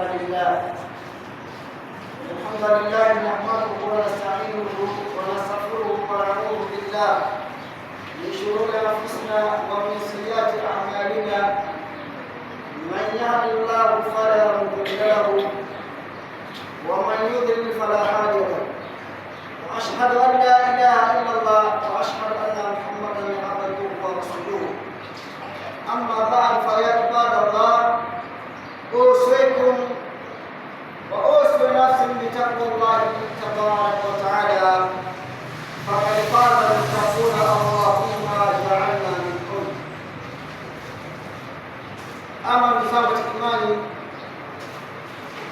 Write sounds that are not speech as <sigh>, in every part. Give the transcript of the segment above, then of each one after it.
الحمد لله الحمد لله نحمده ونستعينه ونستغفره ونعوذ بالله من شرور انفسنا ومن سيئات اعمالنا من يهد الله فلا مضل له ومن يضلل فلا هادي له واشهد ان لا اله الا الله واشهد ان محمدا عبده ورسوله اما بعد فيا عباد الله بتقوى الله تبارك وتعالى فقد قال المتقون اللهم اجعلنا منكم اما بثابت ايماني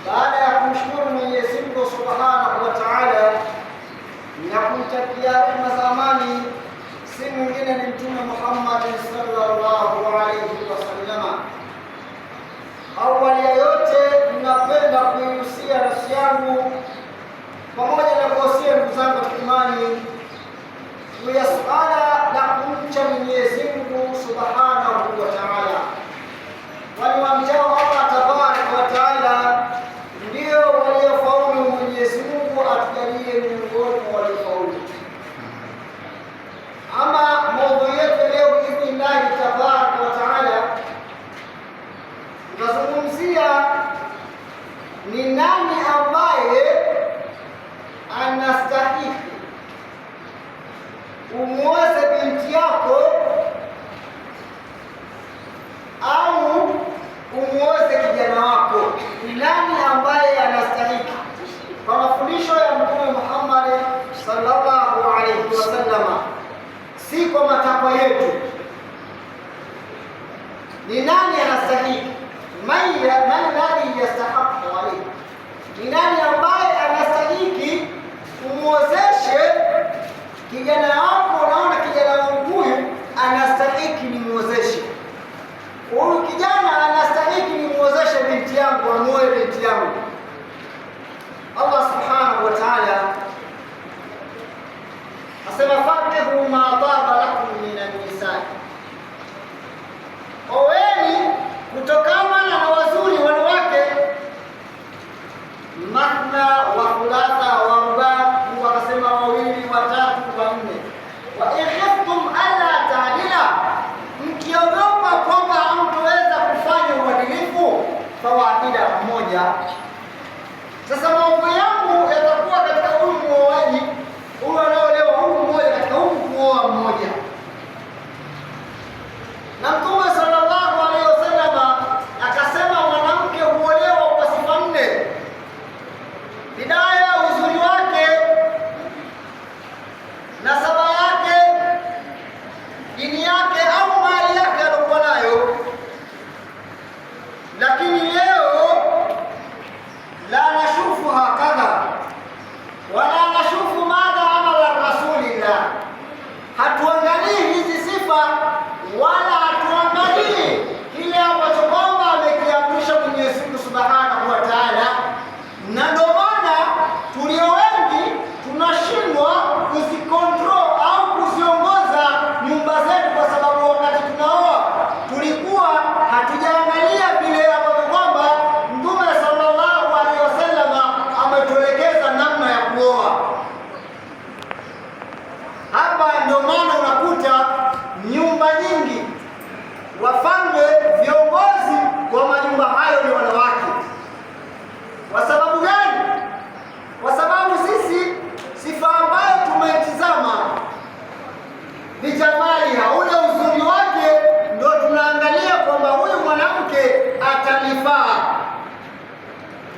baada ya kumshukuru Mwenyezi Mungu Subhanahu wa Ta'ala na kumtakia rehema za amani si mwingine ni Mtume Muhammad sallallahu We are Allah. وهنا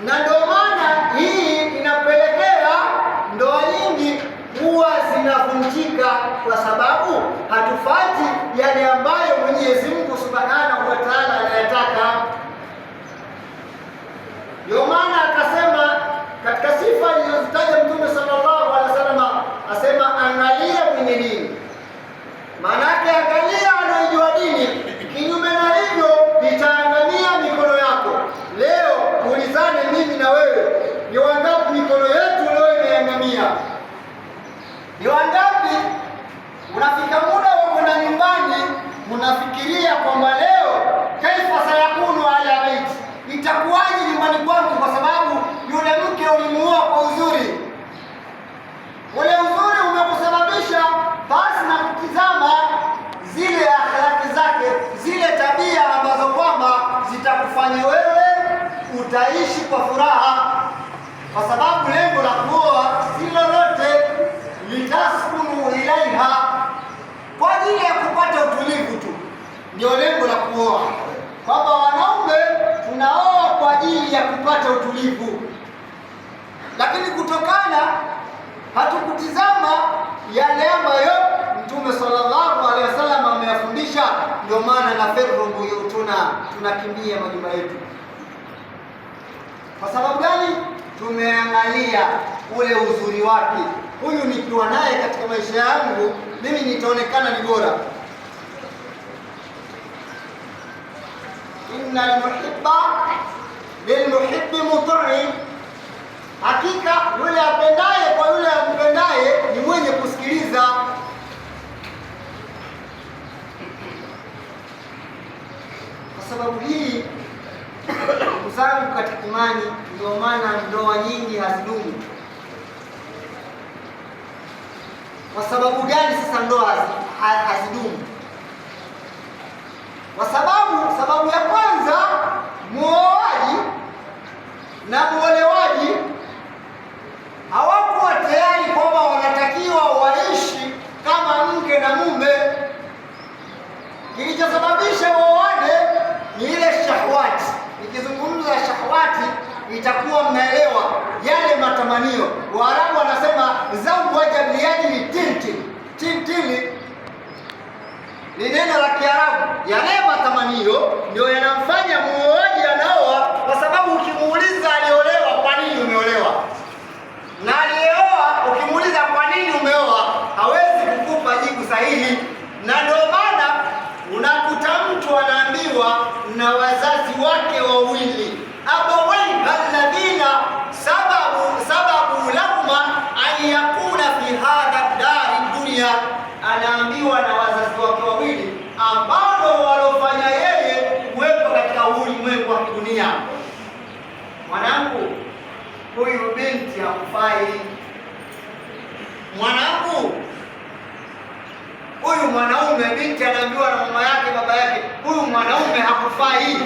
na ndio maana hii inapelekea ndoa nyingi huwa zinavunjika, kwa sababu hatufati yale ambayo unafikiria kwamba nikiwa naye katika maisha yangu mimi nitaonekana ni bora. Inna almuhibba lilmuhibbi mutii, hakika yule apendaye kwa yule ampendaye ni mwenye kusikiliza. Kwa sababu hii, ndugu zangu katika imani, ndio maana ndoa nyingi hazidumu. Kwa sababu gani sasa ndoa hazidumu? Kwa sababu, sababu ya kwanza muoaji na muolewaji hawakuwa tayari kwamba wanatakiwa waishi kama mke na mume. Kilichosababisha waoane ni ile shahwati, nikizungumza shahwati itakuwa matamanio. Waarabu wanasema zauku waja ni tintili. Tintili ni neno la Kiarabu. Yale matamanio ndio yanamfanya muoaji anaoa, kwa sababu ukimuuliza aliolewa, kwa nini umeolewa, na aliyeoa ukimuuliza kwa nini umeoa, hawezi kukupa jibu sahihi, na ndio maana unakuta mtu anaambiwa na wazazi wake wawili mwanangu, huyu binti hakufai, mwanangu, huyu mwanaume. Binti anaambiwa na mama yake, baba yake, huyu mwanaume hakufai.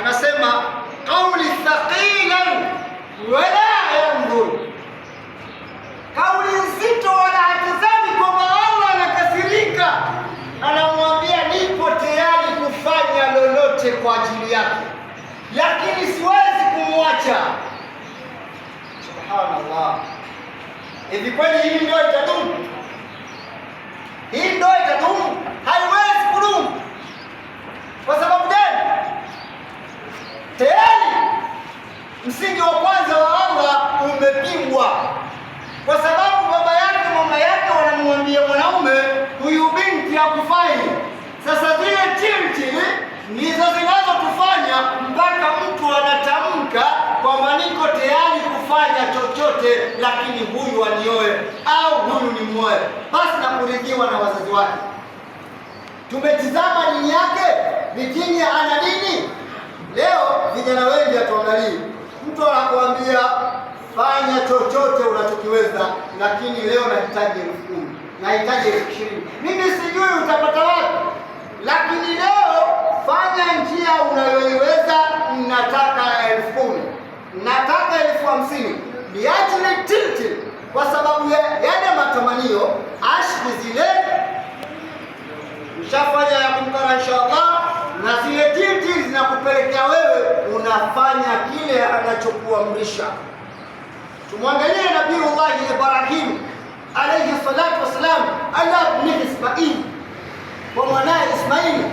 Anasema kauli thaqilan wala yanzur, kauli nzito, wala hatizami kwa maana anakasirika, anamwambia nipo tayari kufanya lolote kwa ajili yake lakini siwezi kumwacha. Subhanallah, hivi kweli hii ndio itadumu? Hii ndio itadumu? Haiwezi kudumu. Kwa sababu gani? Tayari msingi wa kwanza wa Allah umepigwa, kwa sababu baba yake, mama yake wanamwambia mwanaume huyu binti akufai. Sasa vile chini ndizo zinazotufanya mpaka mtu anatamka kwamba niko tayari kufanya chochote, lakini huyu anioe au huyu ni mwoe, basi na kuridhiwa na wazazi wake. Tumetizama dini yake, Virginia ana nini? Leo vijana wengi hatuangalii, mtu anakuambia fanya chochote unachokiweza, lakini leo nahitaji elfu kumi, nahitaji elfu ishirini, mimi sijui utapata wapi lakini leo fanya njia unayoiweza. Nataka elfu kumi, nataka elfu hamsini, liajili tilti, kwa sababu ya yale matamanio, ashki zile ushafanya ya kumkana inshallah, na zile tilti zinakupelekea wewe unafanya kile anachokuamrisha. Tumwangalie Nabiullahi Ibrahimu alaihi salatu wassalam, ala bni Ismail kwa mwanaye Ismaili,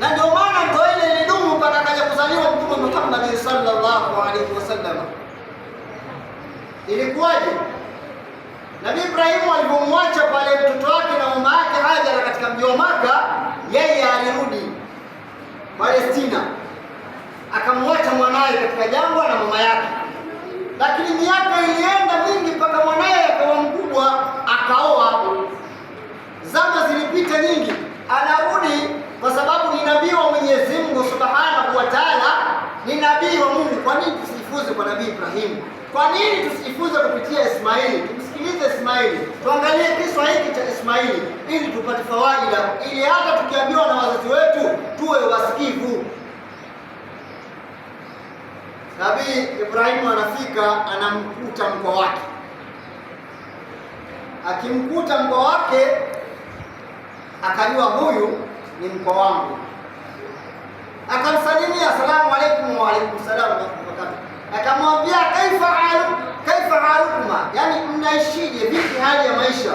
na ndio maana ndoa ile ilidumu mpaka akaja kuzaliwa Mtume Muhammad sallallahu alaihi wasallam. Ilikuwaje? Nabii Ibrahimu alipomwacha pale mtoto wake na mama yake Hajara katika mji wa Maka, yeye alirudi Palestina akamwacha mwanaye katika jangwa na mama yake, lakini miaka ilienda mingi mpaka mwanaye akawa mkubwa, akaoa. Zama zilipita nyingi anarudi kwa sababu ni nabii wa Mwenyezi Mungu Subhanahu wa Ta'ala, ni nabii wa Mungu. Kwa nini tusijifunze kwa nabii Ibrahimu? Kwa nini tusijifunze kupitia Ismaili? Tumsikilize Ismaili, tuangalie kisa hiki cha Ismaili ili tupate fawaida, ili hata tukiambiwa na wazazi wetu tuwe wasikivu. Nabii Ibrahimu anafika, anamkuta mkwa wake, akimkuta mkwa wake akajua huyu ni mko wangu, akamsalimia asalamu alaykum wa alaykum salam, akamwambia kaifa halu kaifa halukuma, yani mnaishije, vipi hali ya maisha.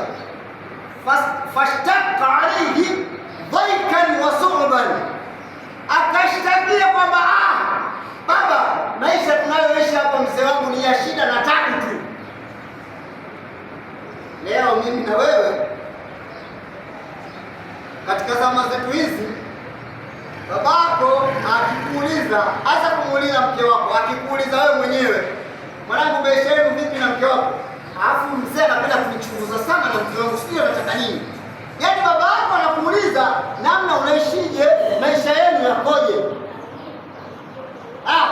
Fashtaka alayhi dhaikan wa su'ban, akashtakia kwamba ah, baba, maisha tunayoishi hapa mzee wangu ni ya shida na tabu tu. Leo mimi na wewe katika zama zetu hizi, babako akikuuliza, hasa kumuuliza mke wako, akikuuliza wewe mwenyewe, mwanangu, maisha yenu vipi na mke wako? Alafu mzee anapenda kunichunguza sana na mke wangu, sijui anataka nini. Yaani baba yako anakuuliza namna unaishije, maisha yenu yakoje? Ah,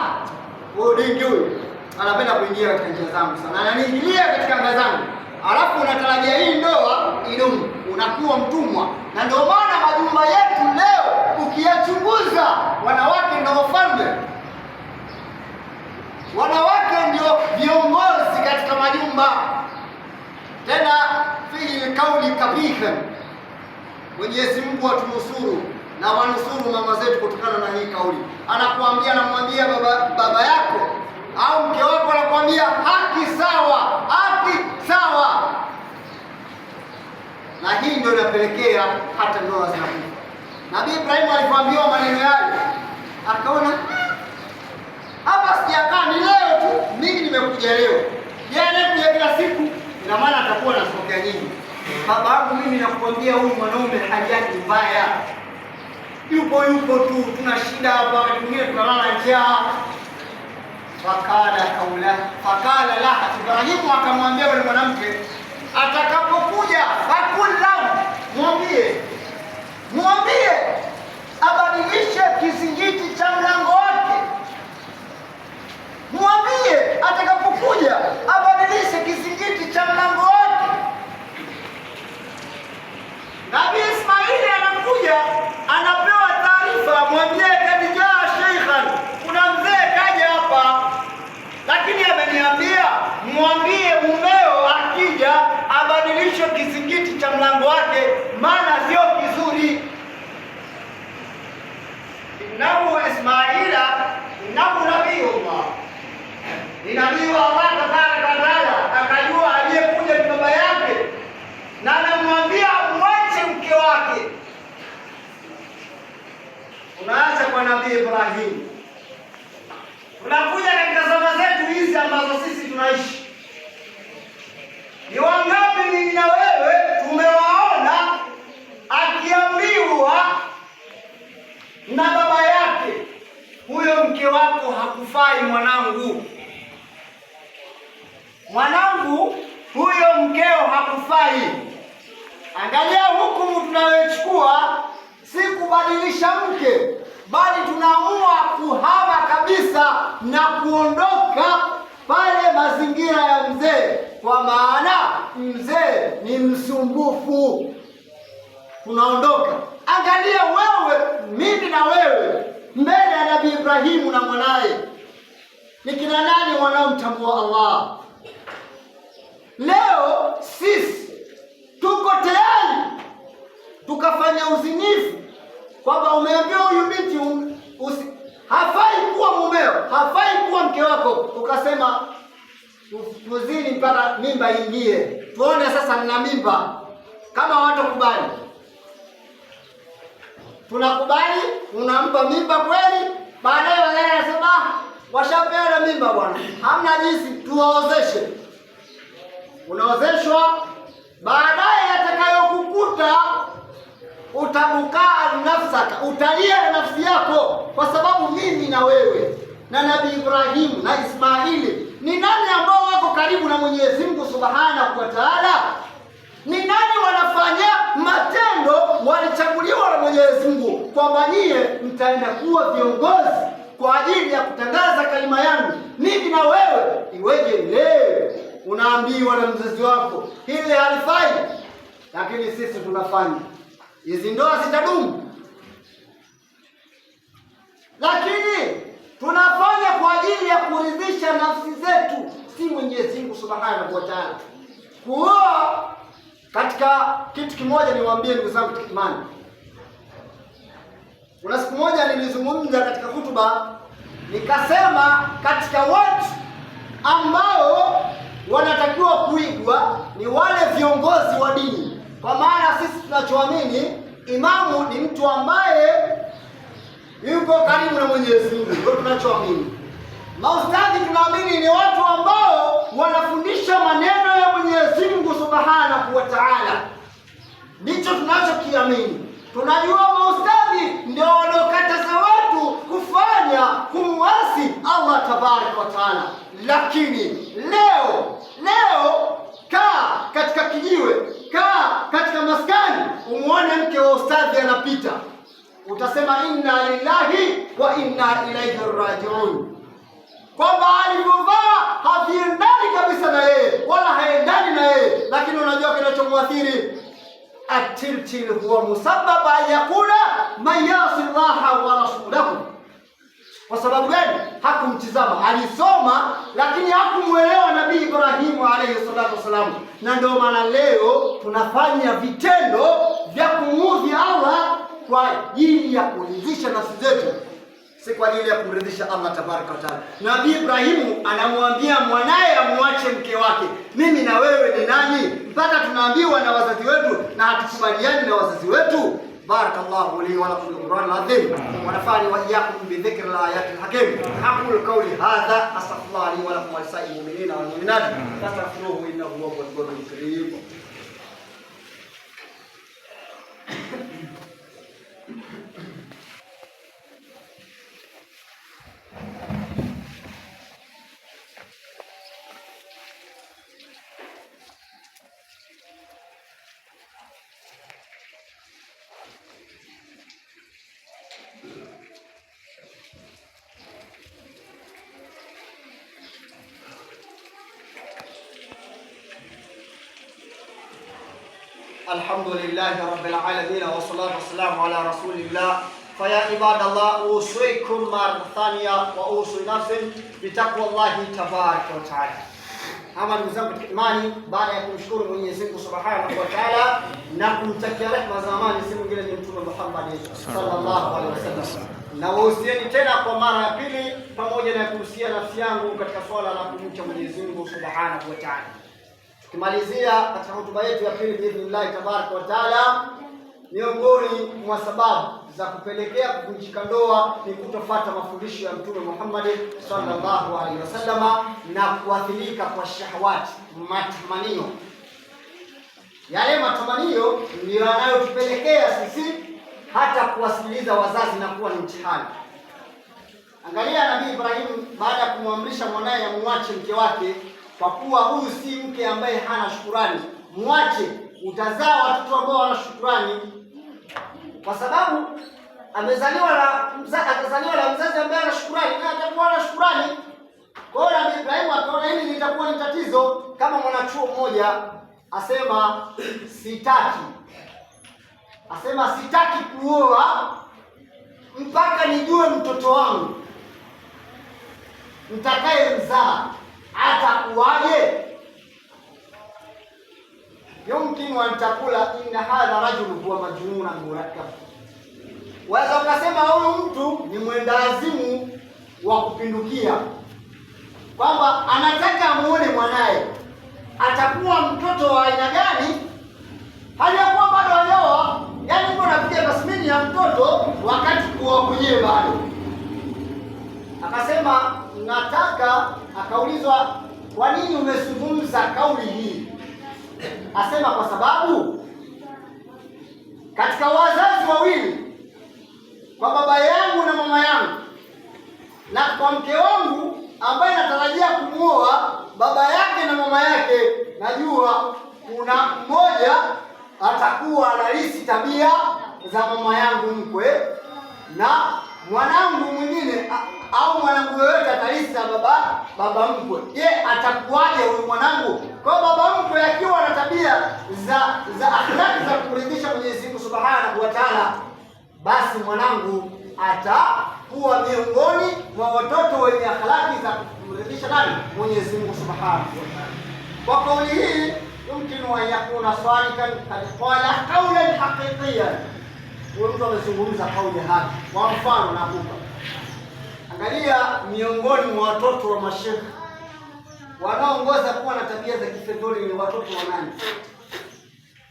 wewe huyu anapenda kuingia katika njia zangu sana, ananiingilia katika ngazi zangu, alafu unatarajia hii ndoa idumu, unakuwa mtumwa na ndio maana majumba yetu leo ukiyachunguza, wanawake ndio wafalme, wanawake ndio viongozi katika majumba, tena fihi kauli kabiha Mwenyezi Mungu atunusuru na wanusuru mama zetu kutokana na hii kauli. Anakuambia, anamwambia baba, baba yako au mke wako, anakuambia haki sawa na hii ndio inapelekea hata ndoa zinakufa. Nabii Ibrahimu alipoambiwa maneno yale akaona hapa sijakaa, ni leo tu mimi nimekuja leo, yanakuja kila siku, ina maana atakuwa sokea nyingi. Baba yangu mimi nakuambia, huyu mwanaume hali mbaya, yupo yupo tu, tuna shida hapa, wakati tunalala njaa. Fakala kaula fakala la Ibrahimu akamwambia yule mwanamke atakapokuja akulau, mwambie mwambie abadilishe kizingiti cha mlango mke wako hakufai mwanangu, mwanangu, huyo mkeo hakufai. Angalia hukumu tunayochukua si kubadilisha mke, bali tunaamua kuhama kabisa na kuondoka pale mazingira ya mzee, kwa maana mzee ni msumbufu. Tunaondoka. Angalia wewe, mimi na wewe mbele ya Nabii Ibrahimu na mwanaye. Ni kina nani wanaomtambua Allah? Leo sisi tuko tayari tukafanya uzinifu kwamba umeambiwa huyu binti um, usi, hafai kuwa mumeo, hafai kuwa mke wako, ukasema tuzini mpaka mimba ingie, tuone sasa nina mimba kama watakubali tunakubali, unampa mimba kweli. Baadaye wageni anasema ah, na mimba bwana, hamna jinsi, tuwaozeshe. Unaozeshwa, baadaye atakayokukuta utabukaa nafsaka, utalia nafsi yako, kwa sababu mimi na wewe na Nabii Ibrahimu na Ismaili ni nani ambao wako karibu na Mwenyezi Mungu Subhanahu wa Ta'ala? Ni nani wanafanya matendo walichaguliwa na Mwenyezi Mungu kwamba nyie mtaenda kuwa viongozi kwa ajili ya kutangaza kalima yangu. Mimi na wewe iweje leo unaambiwa na mzazi wako ile halifai, lakini sisi tunafanya. Hizi ndoa zitadumu? Lakini tunafanya kwa ajili ya kuridhisha nafsi zetu, si Mwenyezi Mungu Subhanahu wa Ta'ala. kuoa katika kitu kimoja niwaambie ndugu zangu imani. kuna siku moja nilizungumza katika hutuba nikasema, katika watu ambao wanatakiwa kuigwa ni wale viongozi wa dini, kwa maana sisi tunachoamini imamu ni mtu ambaye yuko karibu na Mwenyezi Mungu, ndio tunachoamini. Maustadhi tunaamini ni watu ambao wanafundisha maneno ya Mwenyezi nini? Tunajua maustadhi ndio wanaokataza watu kufanya kumwasi Allah tabaraka wa taala, lakini leo leo, kaa katika kijiwe, kaa katika maskani, umwone mke wa ustadhi anapita, utasema inna lillahi wa inna ilaihi rajiun, kwamba alivyovaa haviendani kabisa na yeye wala haendani na yeye, lakini unajua kinachomwathiri atiltil huwa musababa an yakuna man yasi llaha wa rasulahu. Kwa sababu gani? Hakumtizama, alisoma lakini hakumwelewa Nabii Ibrahimu alayhi salatu wassalam. Na ndio maana leo tunafanya vitendo vya kumuudhi Allah kwa ajili ya kuridhisha nafsi zetu si kwa ajili ya kumridhisha Allah tabaraka taala. Nabii Ibrahimu anamwambia mwanaye amwache mke wake. Mimi na wewe ni nani mpaka tunaambiwa na wazazi wetu na hatukubaliani na wazazi wetu? Barakallahu li wa lakum bil-Qur'an al-azim wa nafa'ani wa iyyakum bi dhikri al-ayati hakim Aqulu qawli hadha astaghfirullah li wa lakum wa lisa'il mu'minina wal mu'minat fastaghfiruhu innahu huwal ghafurur rahim. <coughs> Alhamdulillahi rabbil alamin wa salatu wassalamu ala rasulillah faya ibadallah usikum mara thania wa usi nafsi bitaqwallahi tabaraka wa taala. Ama ndugu zangu katika imani, baada ya kumshukuru Mwenyezi Mungu subhanahu wa taala na kumtakia rehema za amani, si mwingine ni Mtume Muhammad sallallahu alaihi wasallam na wahusieni tena kwa mara ya pili, pamoja na kuhusia nafsi yangu katika swala la kumcha Mwenyezi Mungu subhanahu wa taala. Tukimalizia katika hotuba yetu ya pili biidhnillahi tabaraka wa taala, miongoni mwa sababu za kupelekea kuvunjika ndoa ni kutofuata mafundisho ya Mtume Muhammad sallallahu alaihi wasallama na kuathirika kwa shahawati, matamanio. Yale matamanio ndiyo yanayotupelekea sisi hata kuwasikiliza wazazi na kuwa ni mtihani. Angalia Nabii Ibrahim baada ya kumwamrisha mwanaye amuache mke wake kwa kuwa huyu si mke ambaye hana shukurani. Mwache, utazaa watoto ambao wana shukurani, kwa sababu amezaliwa na mzazi, atazaliwa na mzazi ambaye ana shukurani na atakuwa na shukurani. Kwa hiyo Nabii Ibrahimu akaona hili litakuwa ni tatizo. Kama mwanachuo mmoja asema, sitaki asema sitaki kuoa mpaka nijue mtoto wangu nitakaye mzaa atakuwaje? Yumkinu an takula inna hadha rajulu huwa majnuna murakkab, waweza ukasema huyu mtu ni azimu wa kupindukia, kwamba anataka amuone mwanaye atakuwa mtoto wa aina gani, hali ya kuwa bado alewa, yaani mtu anapiga tasmini ya mtoto wakati kuwa mwenyewe bado. Akasema nataka Akaulizwa, kwa nini umezungumza kauli hii? Asema, kwa sababu katika wazazi wawili, kwa baba yangu na mama yangu, na kwa mke wangu ambaye natarajia kumwoa baba yake na mama yake, najua kuna mmoja atakuwa analisi tabia za mama yangu mkwe, na mwanangu mwingine au mwanangu yoyote baba mkwe. Je, atakuwaje huyu mwanangu? Kwa baba mkwe akiwa na tabia za za akhlaki za kuridhisha Mwenyezi Mungu Subhanahu wa Ta'ala, basi mwanangu atakuwa miongoni mwa watoto wenye akhlaki za kumridhisha nani? Mwenyezi Mungu Subhanahu wa Ta'ala. Kwa kauli hii yumkinu an yakuna sadikan qad qala qawlan haqiqiyan. Huyu mtu amezungumza kauli haki. Kwa mfano nakupa Angalia miongoni mwa watoto wa mashekhe wanaongoza kuwa na tabia za kifedhuli ni watoto wa nani?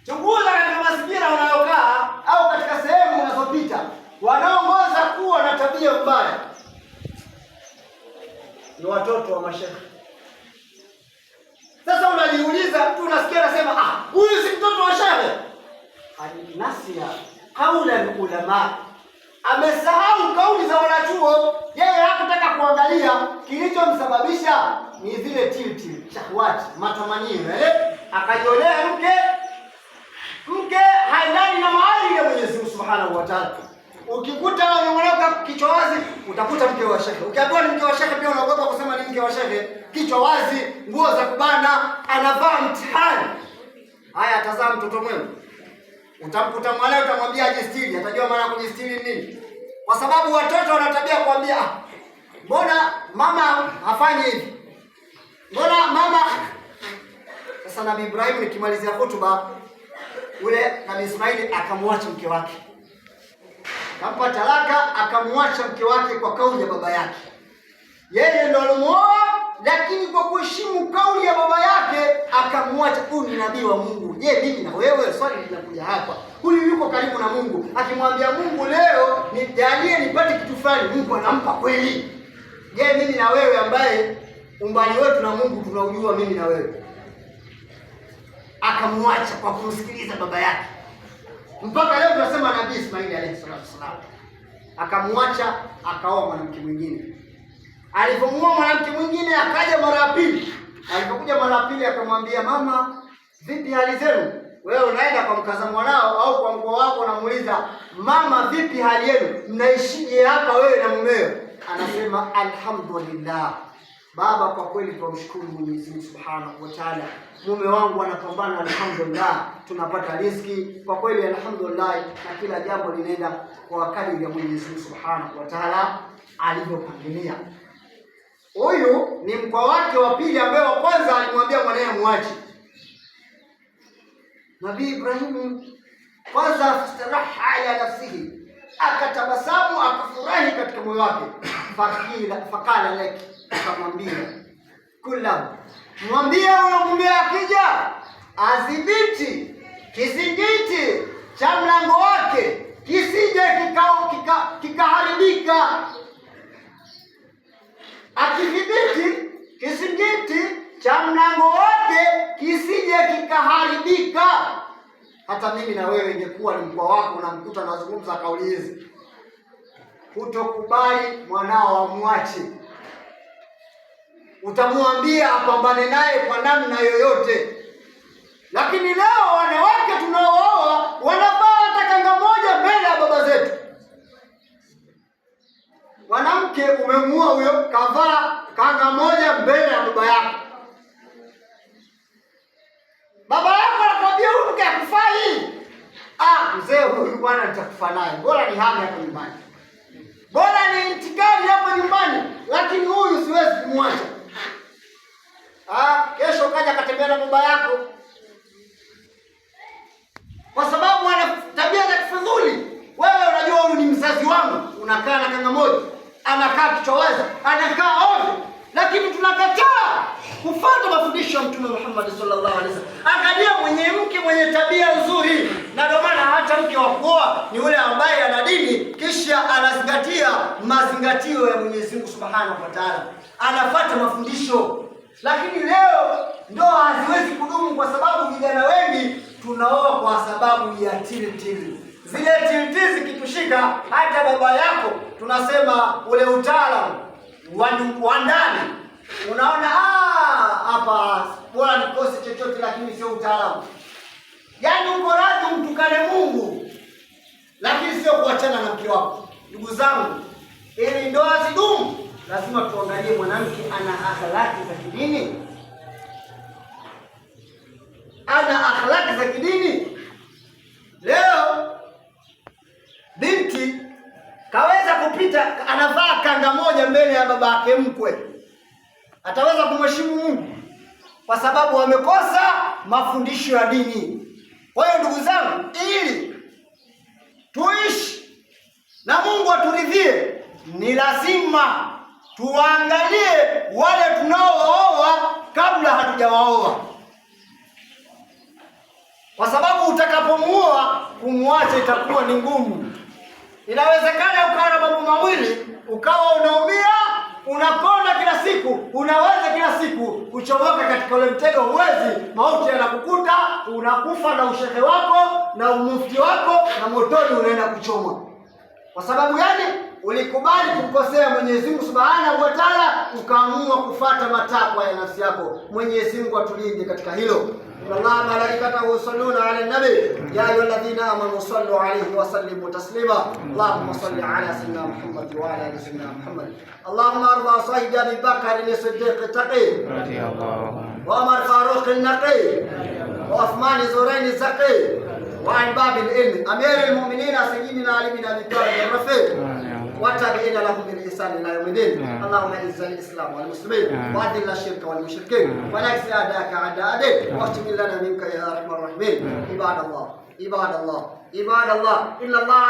Chunguza katika mazingira unayokaa au katika sehemu unazopita, wanaongoza kuwa na tabia mbaya ni watoto wa mashekhe. Sasa unajiuliza, mtu unasikia anasema, ah, huyu si mtoto wa shehe, alinasiha kaulan ulama amesahau kauli za wanachuo. Yeye hakutaka kuangalia kilichomsababisha ni zile tilti, shahawati, matamanio eh, akajolea mke mke haendani na maadili ya Mwenyezi Mungu Subhanahu wa Ta'ala. Ukikuta unaoga kichwa wazi, utakuta mke wa shehe. Ukiambiwa ni mke wa shehe, pia unaogopa kusema ni mke wa shehe. Kichwa wazi, nguo za kubana, anavaa mtihani. Haya, tazama mtoto mwenu Utamkuta mwanae utamwambia ajistiri, atajua maana kujistiri nini, kwa sababu watoto wana tabia kuambia, ah, mbona mama hafanyi hivi, mbona mama. Sasa Nabii Ibrahimu nikimalizia hotuba ule, Nabii Ismaili akamwacha mke wake, kampa talaka, akamwacha mke wake kwa kauli ya baba yake, yeye ndo alimuoa lakini kwa kuheshimu kauli ya baba yake akamwacha. Huyu ni nabii wa Mungu. Je, mimi na wewe? Swali linakuja hapa, huyu yuko karibu na Mungu, akimwambia Mungu, leo nijalie nipate kitu fulani, Mungu anampa kweli. Je, mimi na wewe ambaye umbali wetu na Mungu tunaujua, mimi na wewe, akamwacha kwa kumsikiliza baba yake. Mpaka leo tunasema nabii Ismaili alayhi salatu wasalam akamwacha, akaoa mwanamke mwingine Alivyomuoa mwanamke mwingine akaja mara ya pili. Alipokuja mara ya pili akamwambia, mama, vipi hali zenu? Wewe unaenda kwa mkaza mwanao au kwa mkoa wako unamuuliza, mama, vipi hali yenu? Mnaishije hapa wewe na mumeo? Anasema alhamdulillah. Baba, kwa kweli tunamshukuru Mwenyezi Mungu Subhanahu wa Ta'ala. Mume wangu anapambana, alhamdulillah, tunapata riziki kwa kweli, alhamdulillah, na kila jambo linaenda kwa kadiri ya Mwenyezi Mungu Subhanahu wa Ta'ala alivyopangilia. Huyu ni mkwa wake wa pili ambaye wa kwanza alimwambia mwanaye muache. Nabii Ibrahimu kwanza fastaraha ala nafsihi, akatabasamu akafurahi katika moyo wake. Fakila fakala laki, akamwambia kula, mwambie huyo mume akija adhibiti kizingiti cha mlango wake kisije kikaharibika kika akidhibiti kizingiti cha mlango wake kisije kikaharibika. Hata mimi na wewe ingekuwa ni mkwa wako unamkuta anazungumza kauli hizi, hutokubali mwanao wamwache, utamwambia apambane naye kwa namna yoyote. Lakini leo wanawake tunaooa wana mwanamke umemuua huyo, kavaa kanga moja mbele ya baba yako. Baba yako anakwambia huyu mke akufai. Ah, mzee huyu bwana nitakufa naye, bora ni hama hapo nyumbani, bora ni intikali hapo nyumbani, lakini huyu siwezi kumwacha. Ah, kesho kaja katembea na baba yako kwa sababu ana tabia za kifudhuli. Wewe unajua huyu ni mzazi wangu, unakaa na kanga moja anakaa kichoweza, anakaa ovyo, lakini tunakataa kufuata mafundisho ya Mtume Muhammad sallallahu alaihi wasallam. Angalia mwenye mke mwenye tabia nzuri, na ndio maana hata mke wa kuoa ni yule ambaye ana dini, kisha anazingatia mazingatio ya Mwenyezi Mungu Subhanahu wa Ta'ala, anafuata mafundisho. Lakini leo ndoa haziwezi kudumu kwa sababu vijana wengi tunaoa kwa sababu ya tiritiri zile tilti zikitushika, hata baba yako tunasema ule utaalamu wa ndani unaona ah, hapa, bora nikose chochote, lakini sio utaalamu. Yaani uko radhi umtukane Mungu, lakini sio kuachana na mke wako. Ndugu zangu, ili ndoa zidumu, lazima tuangalie mwanamke ana akhlaki za kidini, ana akhlaki za kidini leo kaweza kupita, anavaa kanga moja mbele ya baba yake mkwe, ataweza kumheshimu Mungu? Kwa sababu wamekosa mafundisho ya dini. Kwa hiyo ndugu zangu, ili tuishi na Mungu aturidhie, ni lazima tuwaangalie wale tunaooa kabla hatujawaoa, kwa sababu utakapomuoa kumwacha itakuwa ni ngumu. Inawezekana ukawa na mambo mawili, ukawa unaumia, unapona kila siku, unaweza kila siku, uchomoke katika ule mtego, huwezi. Mauti yanakukuta, unakufa na ushehe wako na umufti wako, na motoni unaenda kuchomwa. Kwa sababu gani? Ulikubali kumkosea Mwenyezi Mungu Subhanahu wa Ta'ala, ukaamua kufata matakwa ya nafsi yako. Mwenyezi Mungu atulinde katika hilo. والله ملائكته يصلون على النبي يا أيها الذين آمنوا صلوا عليه وسلموا تسليما اللهم صل على سيدنا محمد وعلى آل سيدنا محمد اللهم أرضى صيد أبي بكر الصديق التقي رضي الله وعمر فاروق النقي وعثمان زورين الزقي وعن باب العلم أمير المؤمنين سيدنا علي بن أبي طالب الرفيق والتابعين لهم بالإحسان إلى يوم الدين آه. اللهم أعز الإسلام والمسلمين آه. وأذل الشرك والمشركين آه. ونكس أعداءك أعداء دين واختم لنا منك يا أرحم الراحمين عباد الله عباد الله عباد الله إن الله